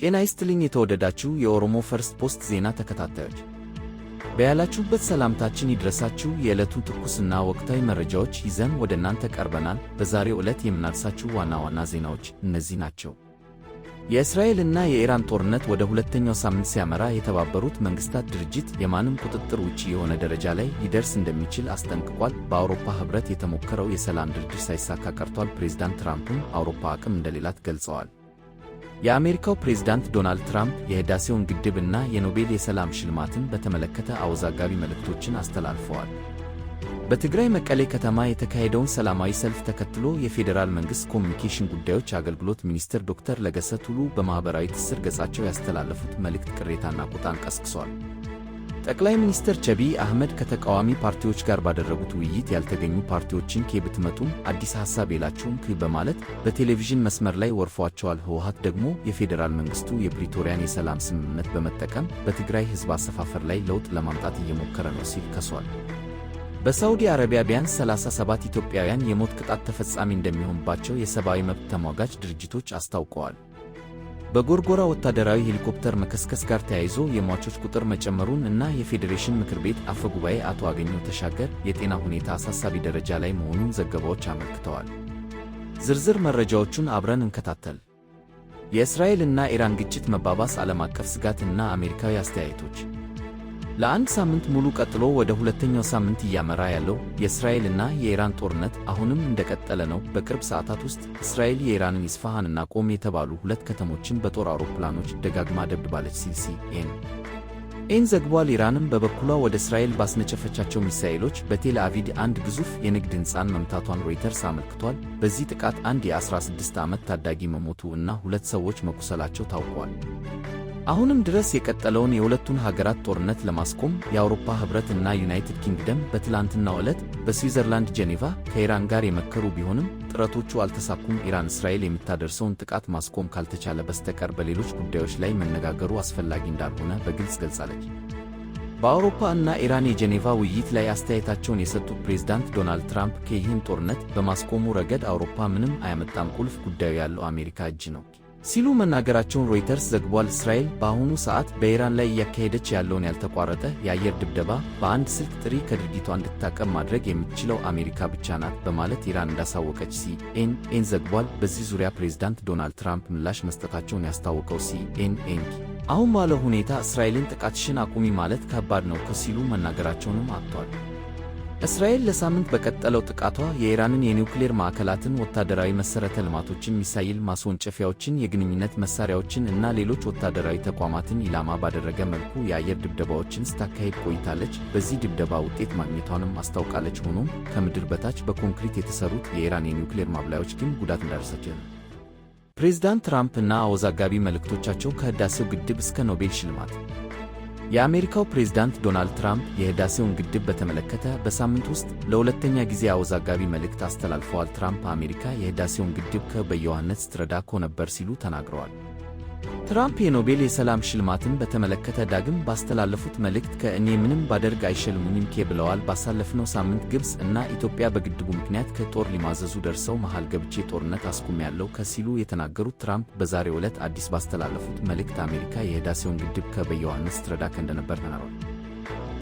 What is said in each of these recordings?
ጤና ይስጥልኝ የተወደዳችሁ የኦሮሞ ፈርስት ፖስት ዜና ተከታታዮች፣ በያላችሁበት ሰላምታችን ይድረሳችሁ። የዕለቱን ትኩስና ወቅታዊ መረጃዎች ይዘን ወደ እናንተ ቀርበናል። በዛሬው ዕለት የምናርሳችሁ ዋና ዋና ዜናዎች እነዚህ ናቸው። የእስራኤልና የኢራን ጦርነት ወደ ሁለተኛው ሳምንት ሲያመራ የተባበሩት መንግሥታት ድርጅት የማንም ቁጥጥር ውጪ የሆነ ደረጃ ላይ ሊደርስ እንደሚችል አስጠንቅቋል። በአውሮፓ ኅብረት የተሞከረው የሰላም ድርድር ሳይሳካ ቀርቷል። ፕሬዝዳንት ትራምፕም አውሮፓ አቅም እንደሌላት ገልጸዋል። የአሜሪካው ፕሬዝዳንት ዶናልድ ትራምፕ የህዳሴውን ግድብ እና የኖቤል የሰላም ሽልማትን በተመለከተ አወዛጋቢ መልእክቶችን አስተላልፈዋል። በትግራይ መቀሌ ከተማ የተካሄደውን ሰላማዊ ሰልፍ ተከትሎ የፌዴራል መንግሥት ኮሚኒኬሽን ጉዳዮች አገልግሎት ሚኒስትር ዶክተር ለገሰ ቱሉ በማኅበራዊ ትስስር ገጻቸው ያስተላለፉት መልእክት ቅሬታና ቁጣን ቀስቅሷል። ጠቅላይ ሚኒስትር ቸቢ አህመድ ከተቃዋሚ ፓርቲዎች ጋር ባደረጉት ውይይት ያልተገኙ ፓርቲዎችን ኬ ብትመጡም አዲስ ሐሳብ የላችሁም ክ በማለት በቴሌቪዥን መስመር ላይ ወርፏቸዋል። ህወሀት ደግሞ የፌዴራል መንግስቱ የፕሪቶሪያን የሰላም ስምምነት በመጠቀም በትግራይ ህዝብ አሰፋፈር ላይ ለውጥ ለማምጣት እየሞከረ ነው ሲል ከሷል። በሳዑዲ አረቢያ ቢያንስ 37 ኢትዮጵያውያን የሞት ቅጣት ተፈጻሚ እንደሚሆንባቸው የሰብአዊ መብት ተሟጋች ድርጅቶች አስታውቀዋል። በጎርጎራ ወታደራዊ ሄሊኮፕተር መከስከስ ጋር ተያይዞ የሟቾች ቁጥር መጨመሩን እና የፌዴሬሽን ምክር ቤት አፈ ጉባኤ አቶ አገኘሁ ተሻገር የጤና ሁኔታ አሳሳቢ ደረጃ ላይ መሆኑን ዘገባዎች አመልክተዋል። ዝርዝር መረጃዎቹን አብረን እንከታተል። የእስራኤል እና ኢራን ግጭት መባባስ፣ ዓለም አቀፍ ስጋት እና አሜሪካዊ አስተያየቶች ለአንድ ሳምንት ሙሉ ቀጥሎ ወደ ሁለተኛው ሳምንት እያመራ ያለው የእስራኤልና የኢራን ጦርነት አሁንም እንደቀጠለ ነው። በቅርብ ሰዓታት ውስጥ እስራኤል የኢራንን ኢስፋሃንና ቆም የተባሉ ሁለት ከተሞችን በጦር አውሮፕላኖች ደጋግማ ደብድባለች ሲል ሲኤን ኤን ዘግቧል። ኢራንም በበኩሏ ወደ እስራኤል ባስነጨፈቻቸው ሚሳኤሎች በቴል አቪድ አንድ ግዙፍ የንግድ ሕንፃን መምታቷን ሮይተርስ አመልክቷል። በዚህ ጥቃት አንድ የ16 ዓመት ታዳጊ መሞቱ እና ሁለት ሰዎች መቁሰላቸው ታውቋል። አሁንም ድረስ የቀጠለውን የሁለቱን ሀገራት ጦርነት ለማስቆም የአውሮፓ ኅብረት እና ዩናይትድ ኪንግደም በትላንትናው ዕለት በስዊዘርላንድ ጄኔቫ ከኢራን ጋር የመከሩ ቢሆንም ጥረቶቹ አልተሳኩም። ኢራን እስራኤል የምታደርሰውን ጥቃት ማስቆም ካልተቻለ በስተቀር በሌሎች ጉዳዮች ላይ መነጋገሩ አስፈላጊ እንዳልሆነ በግልጽ ገልጻለች። በአውሮፓ እና ኢራን የጄኔቫ ውይይት ላይ አስተያየታቸውን የሰጡት ፕሬዝዳንት ዶናልድ ትራምፕ ከይህን ጦርነት በማስቆሙ ረገድ አውሮፓ ምንም አያመጣም፣ ቁልፍ ጉዳዩ ያለው አሜሪካ እጅ ነው ሲሉ መናገራቸውን ሮይተርስ ዘግቧል። እስራኤል በአሁኑ ሰዓት በኢራን ላይ እያካሄደች ያለውን ያልተቋረጠ የአየር ድብደባ በአንድ ስልክ ጥሪ ከድርጊቷ እንድታቀም ማድረግ የምትችለው አሜሪካ ብቻ ናት በማለት ኢራን እንዳሳወቀች ሲኤንኤን ዘግቧል። በዚህ ዙሪያ ፕሬዝዳንት ዶናልድ ትራምፕ ምላሽ መስጠታቸውን ያስታወቀው ሲኤንኤን አሁን ባለው ሁኔታ እስራኤልን ጥቃትሽን አቁሚ ማለት ከባድ ነው ከሲሉ መናገራቸውንም አጥቷል። እስራኤል ለሳምንት በቀጠለው ጥቃቷ የኢራንን የኒውክሌር ማዕከላትን፣ ወታደራዊ መሠረተ ልማቶችን፣ ሚሳይል ማስወንጨፊያዎችን፣ የግንኙነት መሳሪያዎችን እና ሌሎች ወታደራዊ ተቋማትን ኢላማ ባደረገ መልኩ የአየር ድብደባዎችን ስታካሄድ ቆይታለች። በዚህ ድብደባ ውጤት ማግኘቷንም አስታውቃለች። ሆኖም ከምድር በታች በኮንክሪት የተሰሩት የኢራን የኒውክሌር ማብላዮች ግን ጉዳት እንዳደረሳቸው ነው። ፕሬዝዳንት ትራምፕ እና አወዛጋቢ መልእክቶቻቸው ከህዳሴው ግድብ እስከ ኖቤል ሽልማት የአሜሪካው ፕሬዝዳንት ዶናልድ ትራምፕ የህዳሴውን ግድብ በተመለከተ በሳምንት ውስጥ ለሁለተኛ ጊዜ አወዛጋቢ መልእክት አስተላልፈዋል። ትራምፕ አሜሪካ የህዳሴውን ግድብ ከ ስትረዳ እኮ ነበር ሲሉ ተናግረዋል። ትራምፕ የኖቤል የሰላም ሽልማትን በተመለከተ ዳግም ባስተላለፉት መልእክት ከእኔ ምንም ባደርግ አይሸልሙኝም ኬ ብለዋል። ባሳለፍነው ሳምንት ግብፅ እና ኢትዮጵያ በግድቡ ምክንያት ከጦር ሊማዘዙ ደርሰው መሃል ገብቼ ጦርነት አስቁሜያለሁ ያለው ከሲሉ የተናገሩት ትራምፕ በዛሬው ዕለት አዲስ ባስተላለፉት መልእክት አሜሪካ የህዳሴውን ግድብ ከ በዮሐንስ እንደነበር ተናግረዋል።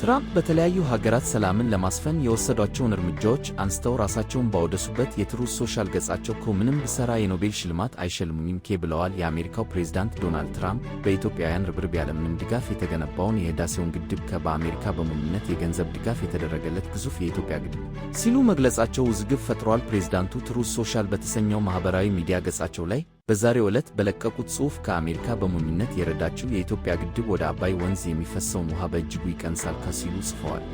ትራምፕ በተለያዩ ሀገራት ሰላምን ለማስፈን የወሰዷቸውን እርምጃዎች አንስተው ራሳቸውን ባወደሱበት የትሩዝ ሶሻል ገጻቸው እኮ ምንም ብሠራ የኖቤል ሽልማት አይሸልሙኝም ኬ ብለዋል። የአሜሪካው ፕሬዝዳንት ዶናልድ ትራምፕ በኢትዮጵያውያን ርብርብ ያለምንም ድጋፍ የተገነባውን የህዳሴውን ግድብ ከ በአሜሪካ በሙሉነት የገንዘብ ድጋፍ የተደረገለት ግዙፍ የኢትዮጵያ ግድብ ሲሉ መግለጻቸው ውዝግብ ፈጥሯል። ፕሬዝዳንቱ ትሩዝ ሶሻል በተሰኘው ማኅበራዊ ሚዲያ ገጻቸው ላይ በዛሬው ዕለት በለቀቁት ጽሑፍ ከአሜሪካ በሞኝነት የረዳችው የኢትዮጵያ ግድብ ወደ አባይ ወንዝ የሚፈሰውን ውሃ በእጅጉ ይቀንሳል ከሲሉ ጽፈዋል።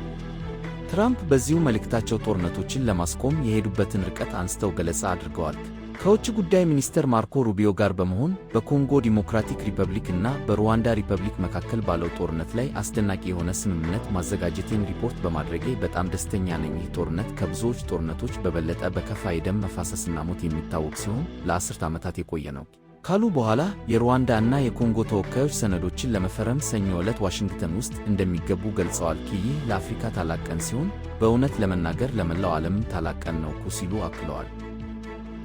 ትራምፕ በዚሁ መልእክታቸው ጦርነቶችን ለማስቆም የሄዱበትን ርቀት አንስተው ገለጻ አድርገዋል። ከውጭ ጉዳይ ሚኒስትር ማርኮ ሩቢዮ ጋር በመሆን በኮንጎ ዲሞክራቲክ ሪፐብሊክ እና በሩዋንዳ ሪፐብሊክ መካከል ባለው ጦርነት ላይ አስደናቂ የሆነ ስምምነት ማዘጋጀቴን ሪፖርት በማድረጌ በጣም ደስተኛ ነኝ። ይህ ጦርነት ከብዙዎች ጦርነቶች በበለጠ በከፋ የደም መፋሰስና ሞት የሚታወቅ ሲሆን ለአስርት ዓመታት የቆየ ነው ካሉ በኋላ የሩዋንዳ እና የኮንጎ ተወካዮች ሰነዶችን ለመፈረም ሰኞ ዕለት ዋሽንግተን ውስጥ እንደሚገቡ ገልጸዋል። ይህ ለአፍሪካ ታላቅ ቀን ሲሆን በእውነት ለመናገር ለመላው ዓለምም ታላቅ ቀን ነው ሲሉ አክለዋል።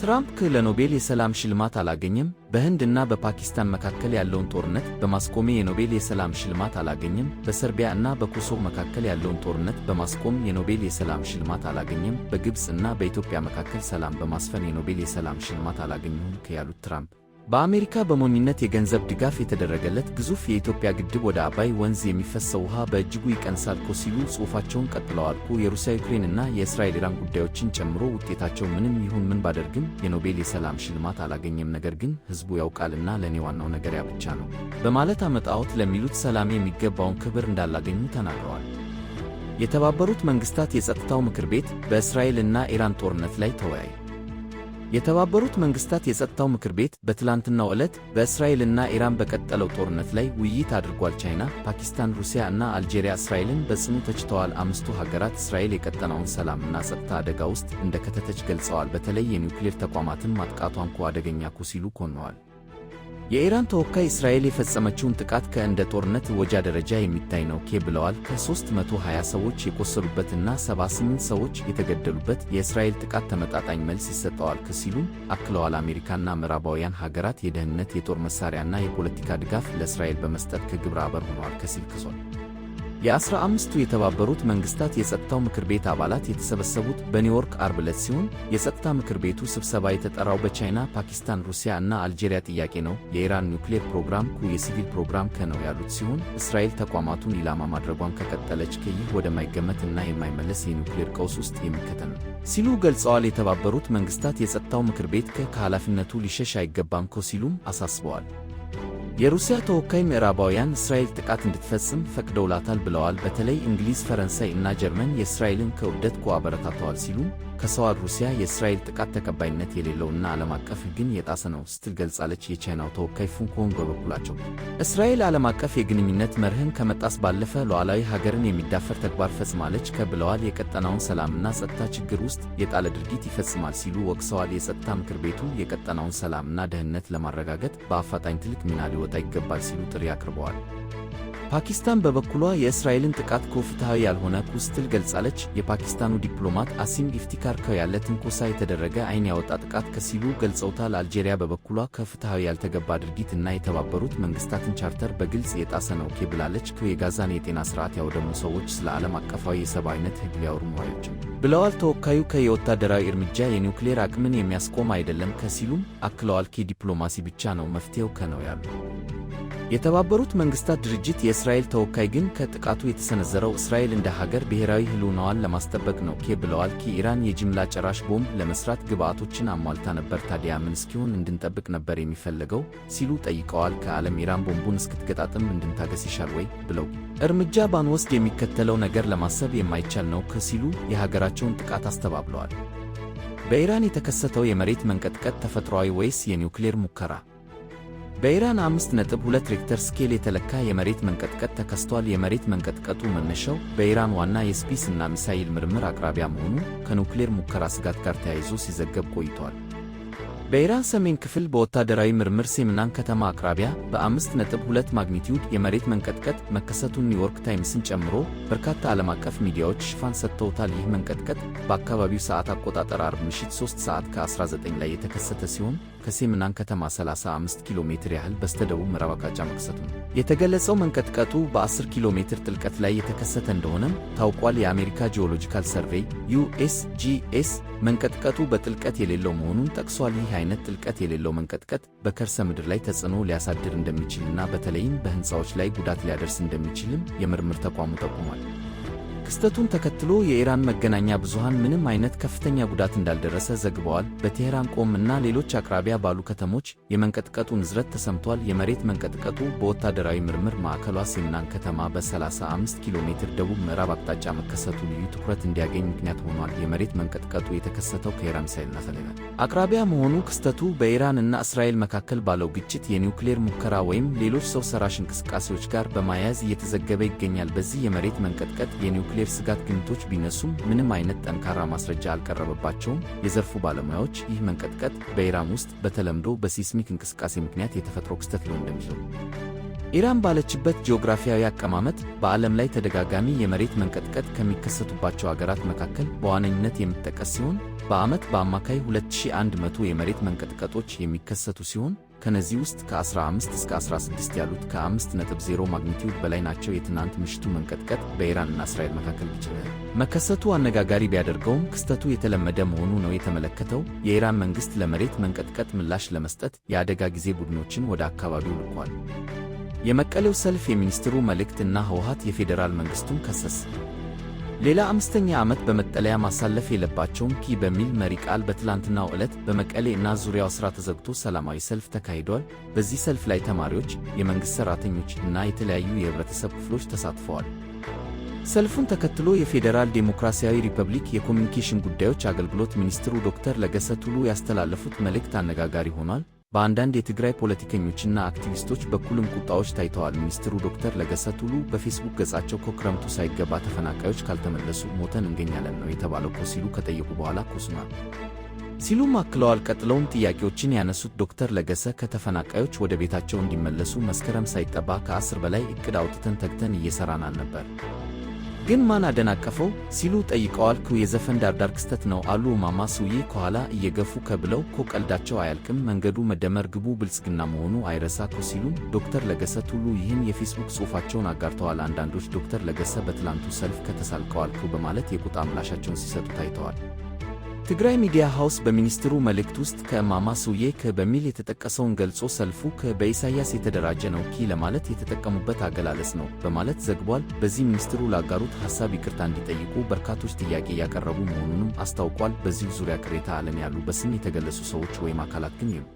ትራምፕ ለኖቤል የሰላም ሽልማት አላገኘም። በህንድና በፓኪስታን መካከል ያለውን ጦርነት በማስቆሜ የኖቤል የሰላም ሽልማት አላገኘም። በሰርቢያ እና በኮሶቮ መካከል ያለውን ጦርነት በማስቆም የኖቤል የሰላም ሽልማት አላገኘም። በግብፅ እና በኢትዮጵያ መካከል ሰላም በማስፈን የኖቤል የሰላም ሽልማት አላገኘሁም ያሉት ትራምፕ በአሜሪካ በሞኝነት የገንዘብ ድጋፍ የተደረገለት ግዙፍ የኢትዮጵያ ግድብ ወደ አባይ ወንዝ የሚፈሰው ውሃ በእጅጉ ይቀንሳል ኮ ሲሉ ጽሑፋቸውን ቀጥለዋል። አልኩ የሩሲያ ዩክሬንና የእስራኤል ኢራን ጉዳዮችን ጨምሮ ውጤታቸው ምንም ይሁን ምን ባደርግም የኖቤል የሰላም ሽልማት አላገኘም፣ ነገር ግን ሕዝቡ ያውቃልና ለእኔ ዋናው ነገር ያ ብቻ ነው በማለት አመጣዎት ለሚሉት ሰላም የሚገባውን ክብር እንዳላገኙ ተናግረዋል። የተባበሩት መንግሥታት የጸጥታው ምክር ቤት በእስራኤል እና ኢራን ጦርነት ላይ ተወያዩ። የተባበሩት መንግስታት የጸጥታው ምክር ቤት በትላንትናው ዕለት በእስራኤልና ኢራን በቀጠለው ጦርነት ላይ ውይይት አድርጓል። ቻይና፣ ፓኪስታን፣ ሩሲያ እና አልጄሪያ እስራኤልን በጽኑ ተችተዋል። አምስቱ ሀገራት እስራኤል የቀጠናውን ሰላምና ጸጥታ አደጋ ውስጥ እንደከተተች ገልጸዋል። በተለይ የኒውክሌር ተቋማትን ማጥቃቷ እንኳ አደገኛ እኮ ሲሉ ኮነዋል። የኢራን ተወካይ እስራኤል የፈጸመችውን ጥቃት ከእንደ ጦርነት ወጃ ደረጃ የሚታይ ነው ኬ ብለዋል። ከ320 ሰዎች የቆሰሉበትና 78 ሰዎች የተገደሉበት የእስራኤል ጥቃት ተመጣጣኝ መልስ ይሰጠዋል ሲሉም አክለዋል። አሜሪካና ምዕራባውያን ሀገራት የደህንነት የጦር መሳሪያና የፖለቲካ ድጋፍ ለእስራኤል በመስጠት ከግብረ አበር ሆነዋል ከሲል ክሷል። የአስራ አምስቱ የተባበሩት መንግስታት የጸጥታው ምክር ቤት አባላት የተሰበሰቡት በኒውዮርክ አርብ ዕለት ሲሆን የጸጥታ ምክር ቤቱ ስብሰባ የተጠራው በቻይና፣ ፓኪስታን፣ ሩሲያ እና አልጄሪያ ጥያቄ ነው። የኢራን ኒውክሌር ፕሮግራም ኩ የሲቪል ፕሮግራም ከ ነው ያሉት ሲሆን እስራኤል ተቋማቱን ኢላማ ማድረጓን ከቀጠለች ከይህ ወደማይገመት እና የማይመለስ የኒውክሌር ቀውስ ውስጥ የሚከተን ነው ሲሉ ገልጸዋል። የተባበሩት መንግስታት የጸጥታው ምክር ቤት ከ ከኃላፊነቱ ሊሸሽ አይገባም ኮ ሲሉም አሳስበዋል። የሩሲያ ተወካይ ምዕራባውያን እስራኤል ጥቃት እንድትፈጽም ፈቅደውላታል ብለዋል። በተለይ እንግሊዝ፣ ፈረንሳይ እና ጀርመን የእስራኤልን ከውደት ኮ አበረታተዋል ሲሉ ከሰዋድ ሩሲያ የእስራኤል ጥቃት ተቀባይነት የሌለውና ዓለም አቀፍ ሕግን የጣሰ ነው ስትል ገልጻለች። የቻይናው ተወካይ ፉንኮንግ በበኩላቸው እስራኤል ዓለም አቀፍ የግንኙነት መርህን ከመጣስ ባለፈ ሉዓላዊ ሀገርን የሚዳፈር ተግባር ፈጽማለች ከብለዋል። የቀጠናውን ሰላምና ጸጥታ ችግር ውስጥ የጣለ ድርጊት ይፈጽማል ሲሉ ወቅሰዋል። የጸጥታ ምክር ቤቱ የቀጠናውን ሰላምና ደህንነት ለማረጋገጥ በአፋጣኝ ትልቅ ሚና ሊወጣ ይገባል ሲሉ ጥሪ አቅርበዋል። ፓኪስታን በበኩሏ የእስራኤልን ጥቃት ከፍትሐዊ ያልሆነ ስትል ገልጻለች። የፓኪስታኑ ዲፕሎማት አሲም ኢፍቲካር ያለ ትንኮሳ የተደረገ ዓይን ያወጣ ጥቃት ከሲሉ ገልጸውታል። አልጄሪያ በበኩሏ ከፍትሐዊ ያልተገባ ድርጊት እና የተባበሩት መንግስታትን ቻርተር በግልጽ የጣሰ ነው ኬ ብላለች። የጋዛን የጤና ስርዓት ያወደሙ ሰዎች ስለ ዓለም አቀፋዊ የሰብአዊነት ህግ ሊያወሩ መዋዮችም ብለዋል ተወካዩ። ከየወታደራዊ እርምጃ የኒውክሌር አቅምን የሚያስቆም አይደለም ከሲሉም አክለዋል። ዲፕሎማሲ ብቻ ነው መፍትሄው ከነው ያሉ የተባበሩት መንግስታት ድርጅት የእስራኤል ተወካይ ግን ከጥቃቱ የተሰነዘረው እስራኤል እንደ ሀገር ብሔራዊ ህልውናዋን ለማስጠበቅ ነው ኬ ብለዋል። ኪ ኢራን የጅምላ ጨራሽ ቦምብ ለመስራት ግብዓቶችን አሟልታ ነበር፣ ታዲያ ምን እስኪሆን እንድንጠብቅ ነበር የሚፈለገው ሲሉ ጠይቀዋል። ከዓለም ኢራን ቦምቡን እስክትገጣጥም እንድንታገስ ይሻል ወይ ብለው እርምጃ ባንወስድ የሚከተለው ነገር ለማሰብ የማይቻል ነው ከሲሉ የሀገራቸውን ጥቃት አስተባብለዋል። በኢራን የተከሰተው የመሬት መንቀጥቀጥ ተፈጥሯዊ ወይስ የኒውክሌር ሙከራ? በኢራን ሁለት ሪክተር ስኬል የተለካ የመሬት መንቀጥቀጥ ተከስቷል። የመሬት መንቀጥቀጡ መነሻው በኢራን ዋና የስፔስ እና ሚሳይል ምርምር አቅራቢያ መሆኑ ከኑክሌር ሙከራ ስጋት ጋር ተያይዞ ሲዘገብ ቆይቷል። በኢራን ሰሜን ክፍል በወታደራዊ ምርምር ሴምናን ከተማ አቅራቢያ በ5.2 ማግኒቲዩድ የመሬት መንቀጥቀጥ መከሰቱን ኒውዮርክ ታይምስን ጨምሮ በርካታ ዓለም አቀፍ ሚዲያዎች ሽፋን ሰጥተውታል። ይህ መንቀጥቀጥ በአካባቢው ሰዓት አቆጣጠር አርብ ምሽት 3 ሰዓት ከ19 ላይ የተከሰተ ሲሆን ከሴምናን ከተማ 35 ኪሎ ሜትር ያህል በስተደቡብ ምዕራብ አቅጣጫ መከሰቱ ነው የተገለጸው። መንቀጥቀጡ በ10 ኪሎ ሜትር ጥልቀት ላይ የተከሰተ እንደሆነም ታውቋል። የአሜሪካ ጂኦሎጂካል ሰርቬይ ዩኤስጂኤስ መንቀጥቀጡ በጥልቀት የሌለው መሆኑን ጠቅሷል። ይህ አይነት ጥልቀት የሌለው መንቀጥቀጥ በከርሰ ምድር ላይ ተጽዕኖ ሊያሳድር እንደሚችልና በተለይም በሕንፃዎች ላይ ጉዳት ሊያደርስ እንደሚችልም የምርምር ተቋሙ ጠቁሟል። ክስተቱን ተከትሎ የኢራን መገናኛ ብዙሃን ምንም አይነት ከፍተኛ ጉዳት እንዳልደረሰ ዘግበዋል። በቴህራን ቆም እና ሌሎች አቅራቢያ ባሉ ከተሞች የመንቀጥቀጡ ንዝረት ተሰምቷል። የመሬት መንቀጥቀጡ በወታደራዊ ምርምር ማዕከሏ ሲምናን ከተማ በ35 ኪሎ ሜትር ደቡብ ምዕራብ አቅጣጫ መከሰቱ ልዩ ትኩረት እንዲያገኝ ምክንያት ሆኗል። የመሬት መንቀጥቀጡ የተከሰተው ከኢራን ሳይል ፈለጋል አቅራቢያ መሆኑ ክስተቱ በኢራን እና እስራኤል መካከል ባለው ግጭት የኒውክሌር ሙከራ ወይም ሌሎች ሰው ሰራሽ እንቅስቃሴዎች ጋር በማያያዝ እየተዘገበ ይገኛል። በዚህ የመሬት መንቀጥቀጥ የኒውክሌር የኒውክሌር ስጋት ግኝቶች ቢነሱም ምንም አይነት ጠንካራ ማስረጃ አልቀረበባቸውም። የዘርፉ ባለሙያዎች ይህ መንቀጥቀጥ በኢራን ውስጥ በተለምዶ በሲስሚክ እንቅስቃሴ ምክንያት የተፈጥሮ ክስተት ሊሆን እንደሚችል ኢራን ባለችበት ጂኦግራፊያዊ አቀማመጥ በዓለም ላይ ተደጋጋሚ የመሬት መንቀጥቀጥ ከሚከሰቱባቸው አገራት መካከል በዋነኝነት የምትጠቀስ ሲሆን በዓመት በአማካይ 2100 የመሬት መንቀጥቀጦች የሚከሰቱ ሲሆን ከነዚህ ውስጥ ከ15 እስከ 16 ያሉት ከ5.0 ማግኒቲዩድ በላይ ናቸው። የትናንት ምሽቱ መንቀጥቀጥ በኢራን እና እስራኤል መካከል ብቻ መከሰቱ አነጋጋሪ ቢያደርገውም ክስተቱ የተለመደ መሆኑ ነው የተመለከተው። የኢራን መንግሥት ለመሬት መንቀጥቀጥ ምላሽ ለመስጠት የአደጋ ጊዜ ቡድኖችን ወደ አካባቢው ልኳል። የመቀሌው ሰልፍ የሚኒስትሩ መልእክት እና ህወሓት የፌዴራል መንግሥቱን ከሰስ ሌላ አምስተኛ ዓመት በመጠለያ ማሳለፍ የለባቸውም ኪ በሚል መሪ ቃል በትላንትናው ዕለት በመቀሌ እና ዙሪያው ሥራ ተዘግቶ ሰላማዊ ሰልፍ ተካሂዷል። በዚህ ሰልፍ ላይ ተማሪዎች፣ የመንግሥት ሠራተኞች እና የተለያዩ የህብረተሰብ ክፍሎች ተሳትፈዋል። ሰልፉን ተከትሎ የፌዴራል ዴሞክራሲያዊ ሪፐብሊክ የኮሚኒኬሽን ጉዳዮች አገልግሎት ሚኒስትሩ ዶክተር ለገሰ ቱሉ ያስተላለፉት መልእክት አነጋጋሪ ሆኗል። በአንዳንድ የትግራይ ፖለቲከኞችና አክቲቪስቶች በኩልም ቁጣዎች ታይተዋል። ሚኒስትሩ ዶክተር ለገሰ ቱሉ በፌስቡክ ገጻቸው ከክረምቱ ሳይገባ ተፈናቃዮች ካልተመለሱ ሞተን እንገኛለን ነው የተባለው ኮ ሲሉ ከጠየቁ በኋላ ኮሱናል ሲሉም አክለዋል። ቀጥለውም ጥያቄዎችን ያነሱት ዶክተር ለገሰ ከተፈናቃዮች ወደ ቤታቸው እንዲመለሱ መስከረም ሳይጠባ ከአስር በላይ እቅድ አውጥተን ተግተን እየሰራናል ነበር። ግን ማን አደናቀፈው ሲሉ ጠይቀዋል። ኩ የዘፈን ዳርዳር ክስተት ነው አሉ ማማ ሱዬ ከኋላ እየገፉ ከብለው ኮ ቀልዳቸው አያልቅም መንገዱ መደመር ግቡ ብልጽግና መሆኑ አይረሳ ኩ ሲሉም ዶክተር ለገሰ ቱሉ ይህን የፌስቡክ ጽሑፋቸውን አጋርተዋል። አንዳንዶች ዶክተር ለገሰ በትላንቱ ሰልፍ ከተሳልቀዋል ኩ በማለት የቁጣ ምላሻቸውን ሲሰጡ ታይተዋል። ትግራይ ሚዲያ ሃውስ በሚኒስትሩ መልእክት ውስጥ ከእማማ ስውዬ ከ በሚል የተጠቀሰውን ገልጾ ሰልፉ ከ በኢሳያስ የተደራጀ ነው ኪ ለማለት የተጠቀሙበት አገላለጽ ነው በማለት ዘግቧል። በዚህ ሚኒስትሩ ላጋሩት ሀሳብ ይቅርታ እንዲጠይቁ በርካቶች ጥያቄ እያቀረቡ መሆኑንም አስታውቋል። በዚሁ ዙሪያ ቅሬታ ዓለም ያሉ በስም የተገለጹ ሰዎች ወይም አካላት ግን የሉ።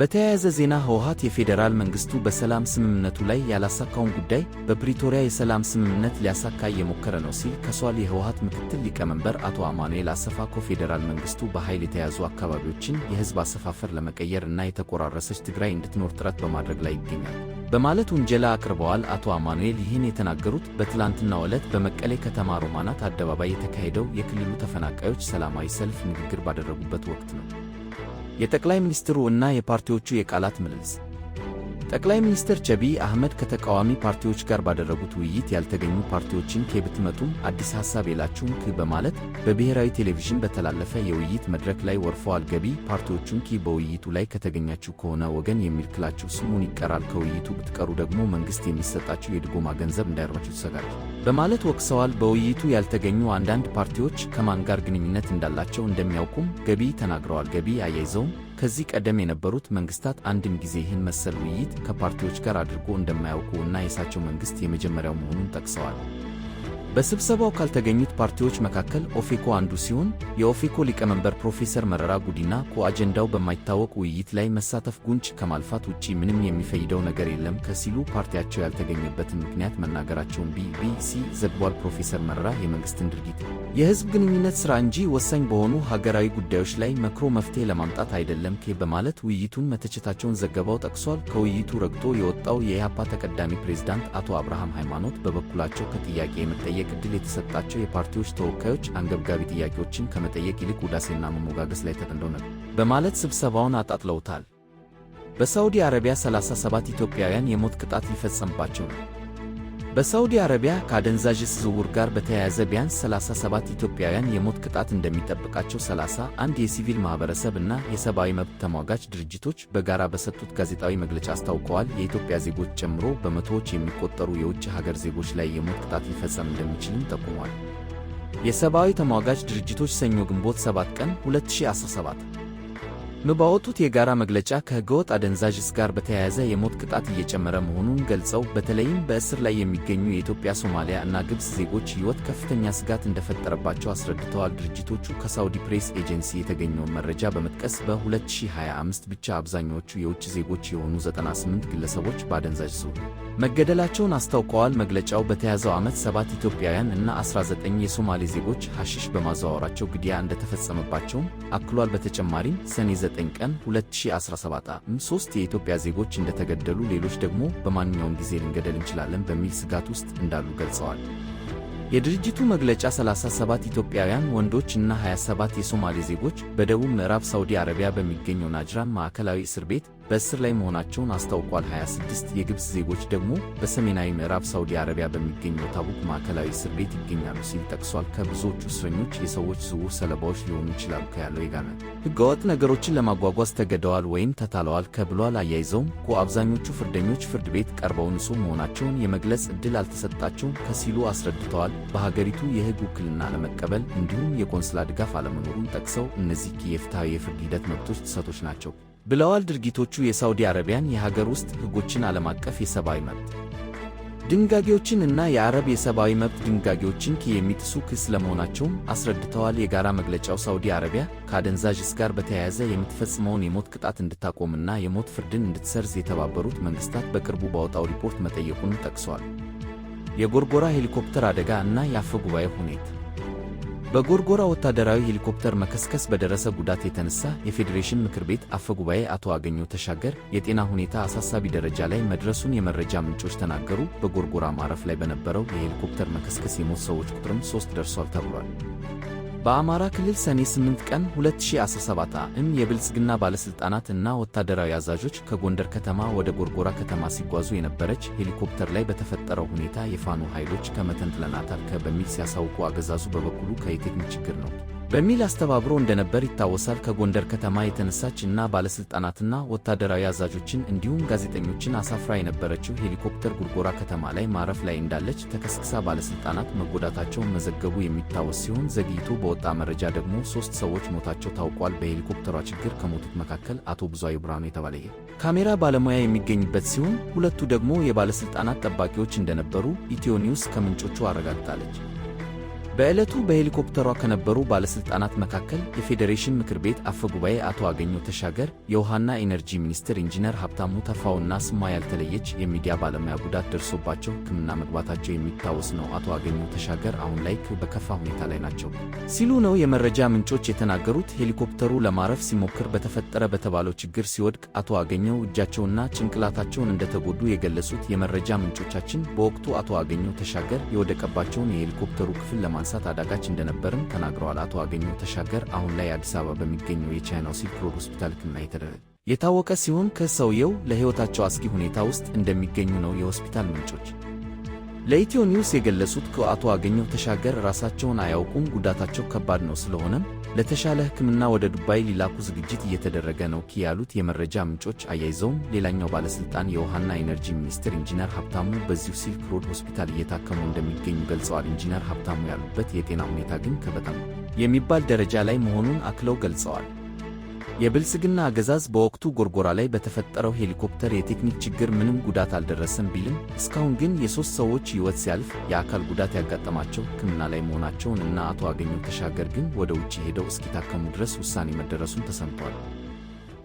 በተያያዘ ዜና ህወሓት የፌዴራል መንግስቱ በሰላም ስምምነቱ ላይ ያላሳካውን ጉዳይ በፕሪቶሪያ የሰላም ስምምነት ሊያሳካ እየሞከረ ነው ሲል ከሷል። የህወሓት ምክትል ሊቀመንበር አቶ አማኑኤል አሰፋ ኮ መንግስቱ በኃይል የተያዙ አካባቢዎችን የህዝብ አሰፋፈር ለመቀየር እና የተቆራረሰች ትግራይ እንድትኖር ጥረት በማድረግ ላይ ይገኛል በማለት ውንጀላ አቅርበዋል። አቶ አማኑኤል ይህን የተናገሩት በትላንትናው ዕለት በመቀሌ ከተማ ሮማናት አደባባይ የተካሄደው የክልሉ ተፈናቃዮች ሰላማዊ ሰልፍ ንግግር ባደረጉበት ወቅት ነው። የጠቅላይ ሚኒስትሩ እና የፓርቲዎቹ የቃላት ምልልስ ጠቅላይ ሚኒስትር ዐቢይ አህመድ ከተቃዋሚ ፓርቲዎች ጋር ባደረጉት ውይይት ያልተገኙ ፓርቲዎችን ብትመጡም አዲስ ሐሳብ የላችሁም ክ በማለት በብሔራዊ ቴሌቪዥን በተላለፈ የውይይት መድረክ ላይ ወርፈዋል። ገቢ ፓርቲዎቹን ኪ በውይይቱ ላይ ከተገኛችሁ ከሆነ ወገን የሚል ክላችሁ ስሙን ይቀራል፣ ከውይይቱ ብትቀሩ ደግሞ መንግሥት የሚሰጣችሁ የድጎማ ገንዘብ እንዳይሯችሁ ይሰጋል በማለት ወቅሰዋል። በውይይቱ ያልተገኙ አንዳንድ ፓርቲዎች ከማን ጋር ግንኙነት እንዳላቸው እንደሚያውቁም ገቢ ተናግረዋል። ገቢ አያይዘውም ከዚህ ቀደም የነበሩት መንግስታት አንድም ጊዜ ይህን መሰል ውይይት ከፓርቲዎች ጋር አድርጎ እንደማያውቁ እና የእሳቸው መንግስት የመጀመሪያው መሆኑን ጠቅሰዋል። በስብሰባው ካልተገኙት ፓርቲዎች መካከል ኦፌኮ አንዱ ሲሆን የኦፌኮ ሊቀመንበር ፕሮፌሰር መረራ ጉዲና ኮ አጀንዳው በማይታወቅ ውይይት ላይ መሳተፍ ጉንጭ ከማልፋት ውጪ ምንም የሚፈይደው ነገር የለም ከሲሉ ፓርቲያቸው ያልተገኘበትን ምክንያት መናገራቸውን ቢቢሲ ዘግቧል። ፕሮፌሰር መረራ የመንግስትን ድርጊት የህዝብ ግንኙነት ስራ እንጂ ወሳኝ በሆኑ ሀገራዊ ጉዳዮች ላይ መክሮ መፍትሄ ለማምጣት አይደለም ኬ በማለት ውይይቱን መተቸታቸውን ዘገባው ጠቅሷል። ከውይይቱ ረግጦ የወጣው የኢህአፓ ተቀዳሚ ፕሬዝዳንት አቶ አብርሃም ሃይማኖት በበኩላቸው ከጥያቄ የመጠየቅ የመጠየቅ ዕድል የተሰጣቸው የፓርቲዎች ተወካዮች አንገብጋቢ ጥያቄዎችን ከመጠየቅ ይልቅ ውዳሴና መሞጋገስ ላይ ተጠምደው ነበር በማለት ስብሰባውን አጣጥለውታል። በሳዑዲ አረቢያ 37 ኢትዮጵያውያን የሞት ቅጣት ሊፈጸምባቸው ነው። በሳውዲ አረቢያ ከአደንዛዥ ዝውር ዝውውር ጋር በተያያዘ ቢያንስ 37 ኢትዮጵያውያን የሞት ቅጣት እንደሚጠብቃቸው 31 የሲቪል ማኅበረሰብ እና የሰብአዊ መብት ተሟጋች ድርጅቶች በጋራ በሰጡት ጋዜጣዊ መግለጫ አስታውቀዋል። የኢትዮጵያ ዜጎች ጨምሮ በመቶዎች የሚቆጠሩ የውጭ ሀገር ዜጎች ላይ የሞት ቅጣት ሊፈጸም እንደሚችልም ጠቁሟል። የሰብአዊ ተሟጋች ድርጅቶች ሰኞ ግንቦት 7 ቀን 2017 ን ባወጡት የጋራ መግለጫ ከሕገወጥ አደንዛዥ እጽ ጋር በተያያዘ የሞት ቅጣት እየጨመረ መሆኑን ገልጸው በተለይም በእስር ላይ የሚገኙ የኢትዮጵያ፣ ሶማሊያ እና ግብፅ ዜጎች ሕይወት ከፍተኛ ስጋት እንደፈጠረባቸው አስረድተዋል። ድርጅቶቹ ከሳውዲ ፕሬስ ኤጀንሲ የተገኘውን መረጃ በመጥቀስ በ2025 ብቻ አብዛኛዎቹ የውጭ ዜጎች የሆኑ 98 ግለሰቦች በአደንዛዥ እጽ መገደላቸውን አስታውቀዋል። መግለጫው በተያዘው ዓመት ሰባት ኢትዮጵያውያን እና 19 የሶማሌ ዜጎች ሐሽሽ በማዘዋወራቸው ግድያ እንደተፈጸመባቸውም አክሏል። በተጨማሪም ሰኔ 9 ቀን 2017 ሶስት የኢትዮጵያ ዜጎች እንደተገደሉ፣ ሌሎች ደግሞ በማንኛውም ጊዜ ልንገደል እንችላለን በሚል ስጋት ውስጥ እንዳሉ ገልጸዋል። የድርጅቱ መግለጫ 37 ኢትዮጵያውያን ወንዶች እና 27 የሶማሌ ዜጎች በደቡብ ምዕራብ ሳውዲ አረቢያ በሚገኘው ናጅራን ማዕከላዊ እስር ቤት በእስር ላይ መሆናቸውን አስታውቋል። 26 የግብፅ ዜጎች ደግሞ በሰሜናዊ ምዕራብ ሳውዲ አረቢያ በሚገኘው ታቡክ ማዕከላዊ እስር ቤት ይገኛሉ ሲል ጠቅሷል። ከብዙዎቹ እስረኞች የሰዎች ዝውውር ሰለባዎች ሊሆኑ ይችላሉ ከያለው የጋነ ህገወጥ ነገሮችን ለማጓጓዝ ተገደዋል ወይም ተታለዋል ከብሏል። አያይዘውም አብዛኞቹ ፍርደኞች ፍርድ ቤት ቀርበው ንጹህ መሆናቸውን የመግለጽ ዕድል አልተሰጣቸውም ከሲሉ አስረድተዋል። በሀገሪቱ የህግ ውክልና ለመቀበል እንዲሁም የቆንስላ ድጋፍ አለመኖሩን ጠቅሰው እነዚህ የፍትሐዊ የፍርድ ሂደት መብቶች ጥሰቶች ናቸው ብለዋል። ድርጊቶቹ የሳውዲ አረቢያን የሀገር ውስጥ ሕጎችን፣ ዓለም አቀፍ የሰብአዊ መብት ድንጋጌዎችን እና የአረብ የሰብአዊ መብት ድንጋጌዎችን የሚጥሱ ክስ ለመሆናቸውም አስረድተዋል። የጋራ መግለጫው ሳውዲ አረቢያ ከአደንዛዥ ጋር በተያያዘ የምትፈጽመውን የሞት ቅጣት እንድታቆምና የሞት ፍርድን እንድትሰርዝ የተባበሩት መንግስታት በቅርቡ ባወጣው ሪፖርት መጠየቁን ጠቅሷል። የጎርጎራ ሄሊኮፕተር አደጋ እና የአፈ ጉባኤ ሁኔታ በጎርጎራ ወታደራዊ ሄሊኮፕተር መከስከስ በደረሰ ጉዳት የተነሳ የፌዴሬሽን ምክር ቤት አፈ ጉባኤ አቶ አገኘሁ ተሻገር የጤና ሁኔታ አሳሳቢ ደረጃ ላይ መድረሱን የመረጃ ምንጮች ተናገሩ። በጎርጎራ ማረፍ ላይ በነበረው የሄሊኮፕተር መከስከስ የሞት ሰዎች ቁጥርም ሦስት ደርሷል ተብሏል። በአማራ ክልል ሰኔ 8 ቀን 2017 ዓ.ም የብልጽግና ባለሥልጣናት እና ወታደራዊ አዛዦች ከጎንደር ከተማ ወደ ጎርጎራ ከተማ ሲጓዙ የነበረች ሄሊኮፕተር ላይ በተፈጠረው ሁኔታ የፋኖ ኃይሎች ከመተን ጥለናታል በሚል ሲያሳውቁ፣ አገዛዙ በበኩሉ ከየቴክኒክ ችግር ነው በሚል አስተባብሮ እንደነበር ይታወሳል። ከጎንደር ከተማ የተነሳች እና ባለሥልጣናትና ወታደራዊ አዛዦችን እንዲሁም ጋዜጠኞችን አሳፍራ የነበረችው ሄሊኮፕተር ጉርጎራ ከተማ ላይ ማረፍ ላይ እንዳለች ተከስክሳ ባለሥልጣናት መጎዳታቸውን መዘገቡ የሚታወስ ሲሆን ዘግይቶ በወጣ መረጃ ደግሞ ሦስት ሰዎች ሞታቸው ታውቋል። በሄሊኮፕተሯ ችግር ከሞቱት መካከል አቶ ብዙአይ ብርሃኑ የተባለ ካሜራ ባለሙያ የሚገኝበት ሲሆን ሁለቱ ደግሞ የባለሥልጣናት ጠባቂዎች እንደነበሩ ኢትዮ ኒውስ ከምንጮቹ አረጋግጣለች። በዕለቱ በሄሊኮፕተሯ ከነበሩ ባለሥልጣናት መካከል የፌዴሬሽን ምክር ቤት አፈ ጉባኤ አቶ አገኘሁ ተሻገር፣ የውሃና ኢነርጂ ሚኒስትር ኢንጂነር ሀብታሙ ተፋውና ስሟ ያልተለየች የሚዲያ ባለሙያ ጉዳት ደርሶባቸው ሕክምና መግባታቸው የሚታወስ ነው። አቶ አገኘሁ ተሻገር አሁን ላይ በከፋ ሁኔታ ላይ ናቸው ሲሉ ነው የመረጃ ምንጮች የተናገሩት። ሄሊኮፕተሩ ለማረፍ ሲሞክር በተፈጠረ በተባለው ችግር ሲወድቅ አቶ አገኘሁ እጃቸውና ጭንቅላታቸውን እንደተጎዱ የገለጹት የመረጃ ምንጮቻችን በወቅቱ አቶ አገኘሁ ተሻገር የወደቀባቸውን የሄሊኮፕተሩ ክፍል ለማንሳት ለማንሳት አዳጋች እንደነበርም ተናግረዋል። አቶ አገኘሁ ተሻገር አሁን ላይ አዲስ አበባ በሚገኘው የቻይናው ሲልክ ሮድ ሆስፒታል ሕክምና የታወቀ ሲሆን ከሰውየው ለሕይወታቸው አስጊ ሁኔታ ውስጥ እንደሚገኙ ነው የሆስፒታል ምንጮች ለኢትዮ ኒውስ የገለጹት ከአቶ አገኘው ተሻገር ራሳቸውን አያውቁም፣ ጉዳታቸው ከባድ ነው፣ ስለሆነም ለተሻለ ሕክምና ወደ ዱባይ ሊላኩ ዝግጅት እየተደረገ ነው ያሉት የመረጃ ምንጮች አያይዘውም ሌላኛው ባለሥልጣን የውሃና ኢነርጂ ሚኒስትር ኢንጂነር ሀብታሙ በዚሁ ሲልክ ሮድ ሆስፒታል እየታከሙ እንደሚገኙ ገልጸዋል። ኢንጂነር ሀብታሙ ያሉበት የጤና ሁኔታ ግን ከበጣም የሚባል ደረጃ ላይ መሆኑን አክለው ገልጸዋል። የብልጽግና አገዛዝ በወቅቱ ጎርጎራ ላይ በተፈጠረው ሄሊኮፕተር የቴክኒክ ችግር ምንም ጉዳት አልደረሰም ቢልም እስካሁን ግን የሦስት ሰዎች ሕይወት ሲያልፍ የአካል ጉዳት ያጋጠማቸው ሕክምና ላይ መሆናቸውን እና አቶ አገኘው ተሻገር ግን ወደ ውጭ ሄደው እስኪታከሙ ድረስ ውሳኔ መደረሱን ተሰምቷል።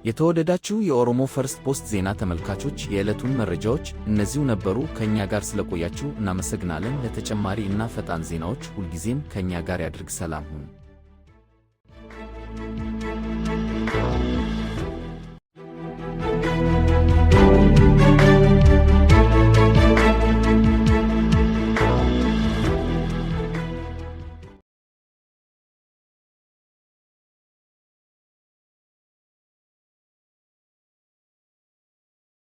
የተወደዳችሁ የኦሮሞ ፈርስት ፖስት ዜና ተመልካቾች የዕለቱን መረጃዎች እነዚሁ ነበሩ። ከእኛ ጋር ስለቆያችሁ እናመሰግናለን። ለተጨማሪ እና ፈጣን ዜናዎች ሁልጊዜም ከእኛ ጋር ያድርግ። ሰላም ሁኑ።